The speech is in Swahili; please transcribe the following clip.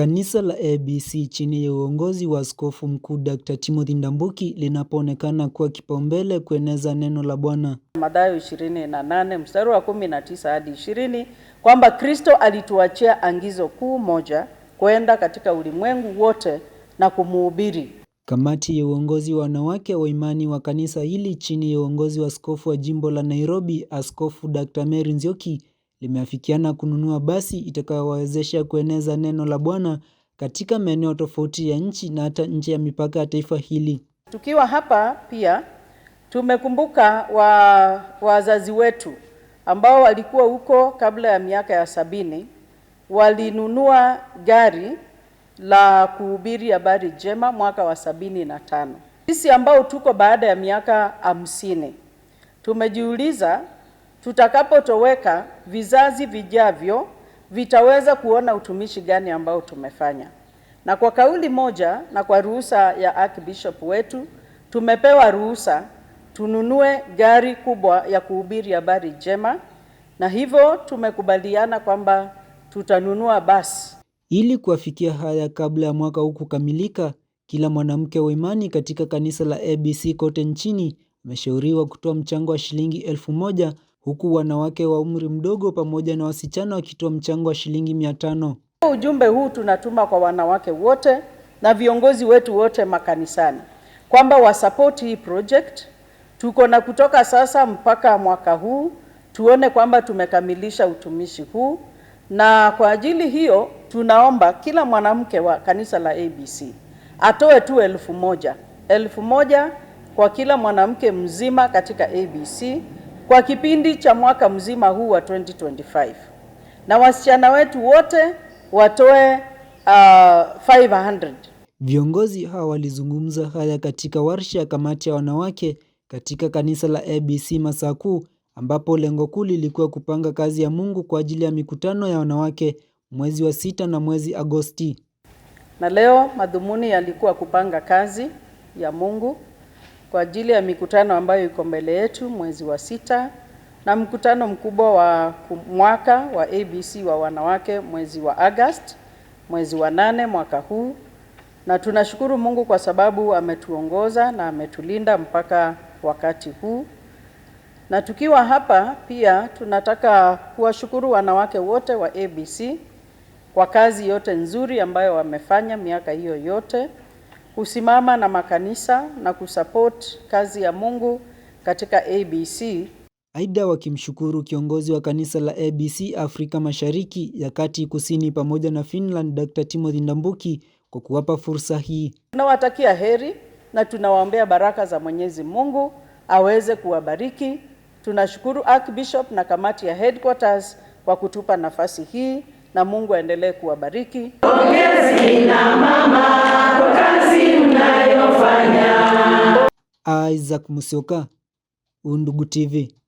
Kanisa la ABC chini ya uongozi wa Askofu Mkuu Dr. Timothy Ndambuki linapoonekana kuwa kipaumbele kueneza neno la Bwana. Mathayo 28 mstari wa 19 hadi 20 kwamba Kristo alituachia angizo kuu moja kwenda katika ulimwengu wote na kumuhubiri. Kamati ya uongozi wa wanawake wa imani wa kanisa hili chini ya uongozi wa askofu wa jimbo la Nairobi, Askofu Dr. Mary Nzioki limeafikiana kununua basi itakayowawezesha kueneza neno la Bwana katika maeneo tofauti ya nchi na hata nje ya mipaka ya taifa hili. Tukiwa hapa pia tumekumbuka wa, wazazi wetu ambao walikuwa huko kabla ya miaka ya sabini, walinunua gari la kuhubiri habari njema mwaka wa sabini na tano. Sisi ambao tuko baada ya miaka hamsini tumejiuliza tutakapotoweka, vizazi vijavyo vitaweza kuona utumishi gani ambao tumefanya. Na kwa kauli moja na kwa ruhusa ya Archbishop wetu, tumepewa ruhusa tununue gari kubwa ya kuhubiri habari njema, na hivyo tumekubaliana kwamba tutanunua basi ili kuafikia haya kabla ya mwaka huu kukamilika. Kila mwanamke wa imani katika kanisa la ABC kote nchini ameshauriwa kutoa mchango wa shilingi elfu moja huku wanawake wa umri mdogo pamoja na wasichana wakitoa mchango wa shilingi mia tano. Ujumbe huu tunatuma kwa wanawake wote na viongozi wetu wote makanisani kwamba wasapoti hii project. Tuko na kutoka sasa mpaka mwaka huu tuone kwamba tumekamilisha utumishi huu, na kwa ajili hiyo tunaomba kila mwanamke wa kanisa la ABC atoe tu elfu moja elfu moja kwa kila mwanamke mzima katika ABC kwa kipindi cha mwaka mzima huu wa 2025 na wasichana wetu wote watoe uh, 500. Viongozi hawa walizungumza haya katika warsha ya kamati ya wanawake katika kanisa la ABC masaku ambapo lengo kuu lilikuwa kupanga kazi ya Mungu kwa ajili ya mikutano ya wanawake mwezi wa sita na mwezi Agosti. Na leo madhumuni yalikuwa kupanga kazi ya Mungu kwa ajili ya mikutano ambayo iko mbele yetu mwezi wa sita na mkutano mkubwa wa mwaka wa ABC wa wanawake mwezi wa August, mwezi wa nane mwaka huu, na tunashukuru Mungu kwa sababu ametuongoza na ametulinda mpaka wakati huu. Na tukiwa hapa pia tunataka kuwashukuru wanawake wote wa ABC kwa kazi yote nzuri ambayo wamefanya miaka hiyo yote kusimama na makanisa na kusupport kazi ya Mungu katika ABC. Aidha, wakimshukuru kiongozi wa kanisa la ABC Afrika Mashariki ya Kati, Kusini pamoja na Finland, Dr. Timothy Ndambuki kwa kuwapa fursa hii. Tunawatakia heri na tunawaombea baraka za Mwenyezi Mungu aweze kuwabariki. Tunashukuru Archbishop na kamati ya headquarters kwa kutupa nafasi hii na Mungu aendelee kuwabariki. Pongezi na mama Isaac Musyoka, Undugu TV.